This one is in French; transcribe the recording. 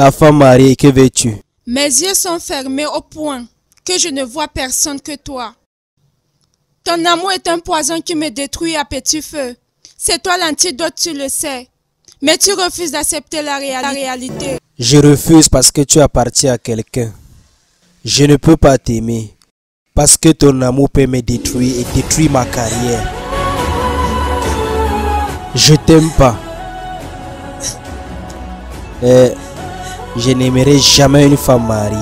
La femme mariée, que veux-tu Mes yeux sont fermés au point que je ne vois personne que toi. Ton amour est un poison qui me détruit à petit feu. C'est toi l'antidote, tu le sais. Mais tu refuses d'accepter la, réalité. Je refuse parce que tu appartiens à quelqu'un. Je ne peux pas t'aimer parce que ton amour peut me détruire et détruire ma carrière. Je t'aime pas. Euh, je n'aimerai jamais une femme mariée.